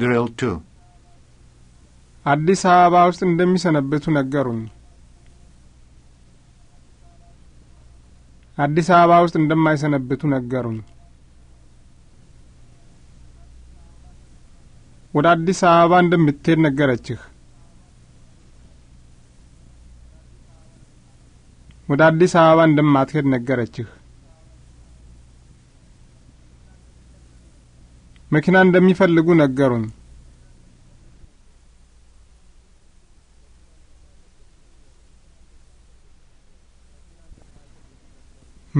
ድሪል ቱ አዲስ አበባ ውስጥ እንደሚሰነበቱ ነገሩኝ። አዲስ አበባ ውስጥ እንደማይሰነብቱ ነገሩኝ። ወደ አዲስ አበባ እንደምትሄድ ነገረችህ። ወደ አዲስ አበባ እንደማትሄድ ነገረችህ። መኪና እንደሚፈልጉ ነገሩኝ።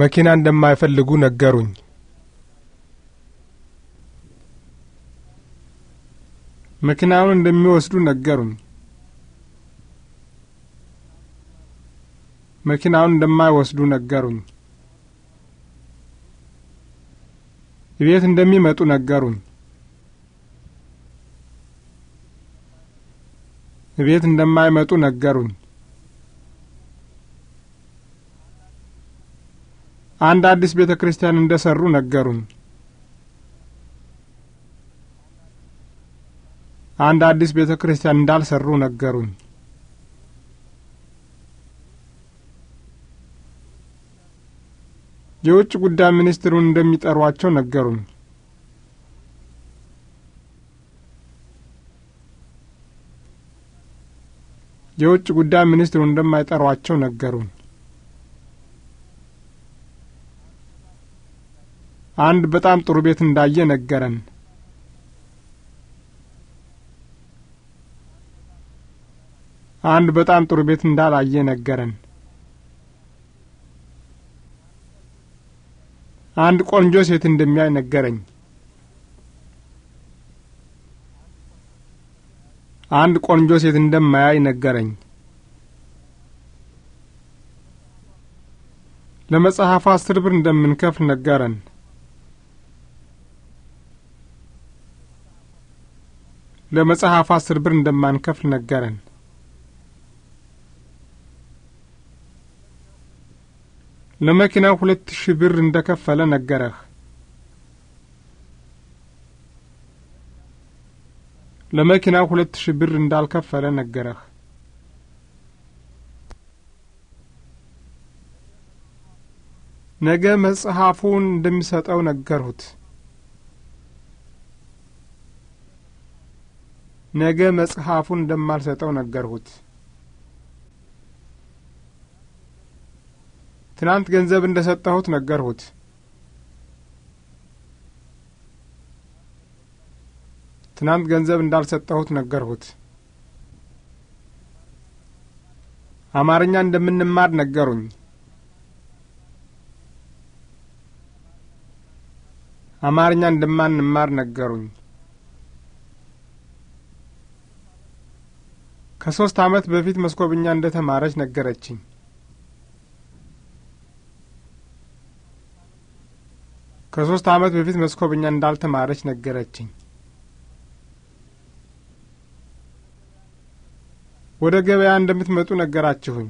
መኪና እንደማይፈልጉ ነገሩኝ። መኪናውን እንደሚወስዱ ነገሩኝ። መኪናውን እንደማይወስዱ ነገሩኝ። ቤት እንደሚመጡ ነገሩኝ። ቤት እንደማይመጡ ነገሩኝ። አንድ አዲስ ቤተ ክርስቲያን እንደ ሰሩ ነገሩኝ። አንድ አዲስ ቤተ ክርስቲያን እንዳልሰሩ ነገሩኝ። የውጭ ጉዳይ ሚኒስትሩን እንደሚጠሯቸው ነገሩኝ። የውጭ ጉዳይ ሚኒስትሩ እንደማይጠሯቸው ነገሩኝ። አንድ በጣም ጥሩ ቤት እንዳየ ነገረን። አንድ በጣም ጥሩ ቤት እንዳላየ ነገረን። አንድ ቆንጆ ሴት እንደሚያይ ነገረኝ። አንድ ቆንጆ ሴት እንደማያይ ነገረኝ። ለመጽሐፉ አስር ብር እንደምንከፍል ነገረን። ለመጽሐፉ አስር ብር እንደማንከፍል ነገረን። ለመኪና ሁለት ሺህ ብር እንደ ከፈለ ነገረህ። ለመኪና ሁለት ሺህ ብር እንዳልከፈለ ነገረህ። ነገ መጽሐፉን እንደሚሰጠው ነገርሁት። ነገ መጽሐፉን እንደማልሰጠው ነገርሁት። ትናንት ገንዘብ እንደ ሰጠሁት ነገርሁት። ትናንት ገንዘብ እንዳልሰጠሁት ነገርሁት። አማርኛ እንደምንማር ነገሩኝ። አማርኛ እንደማንማር ነገሩኝ። ከሶስት ዓመት በፊት መስኮብኛ እንደ ተማረች ነገረችኝ። ከሶስት ዓመት በፊት መስኮብኛ እንዳልተማረች ነገረችኝ። ወደ ገበያ እንደምትመጡ ነገራችሁኝ።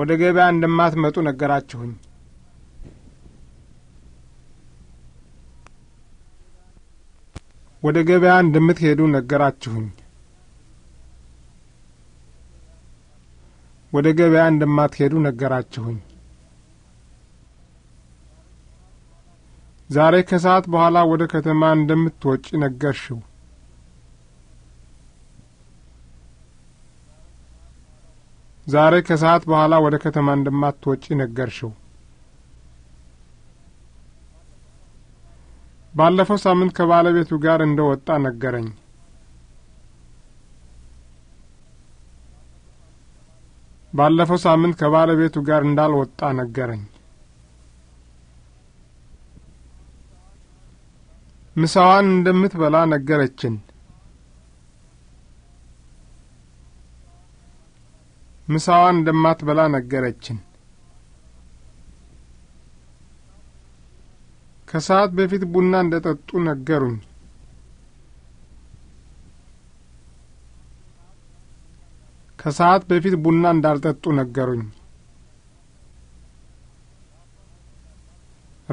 ወደ ገበያ እንደማትመጡ ነገራችሁኝ። ወደ ገበያ እንደምትሄዱ ነገራችሁኝ። ወደ ገበያ እንደማትሄዱ ነገራችሁኝ። ዛሬ ከሰዓት በኋላ ወደ ከተማ እንደምትወጪ ነገርሽው። ዛሬ ከሰዓት በኋላ ወደ ከተማ እንደማትወጪ ነገርሽው። ባለፈው ሳምንት ከባለቤቱ ጋር እንደ ወጣ ነገረኝ። ባለፈው ሳምንት ከባለቤቱ ጋር እንዳልወጣ ነገረኝ። ምሳዋን እንደምትበላ ነገረችን። ምሳዋን እንደማትበላ ነገረችን። ከሰዓት በፊት ቡና እንደ ጠጡ ነገሩኝ። ከሰዓት በፊት ቡና እንዳልጠጡ ነገሩኝ።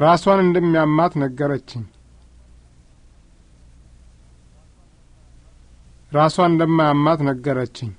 ራሷን እንደሚያማት ነገረችኝ። ራሷን እንደማያማት ነገረችኝ።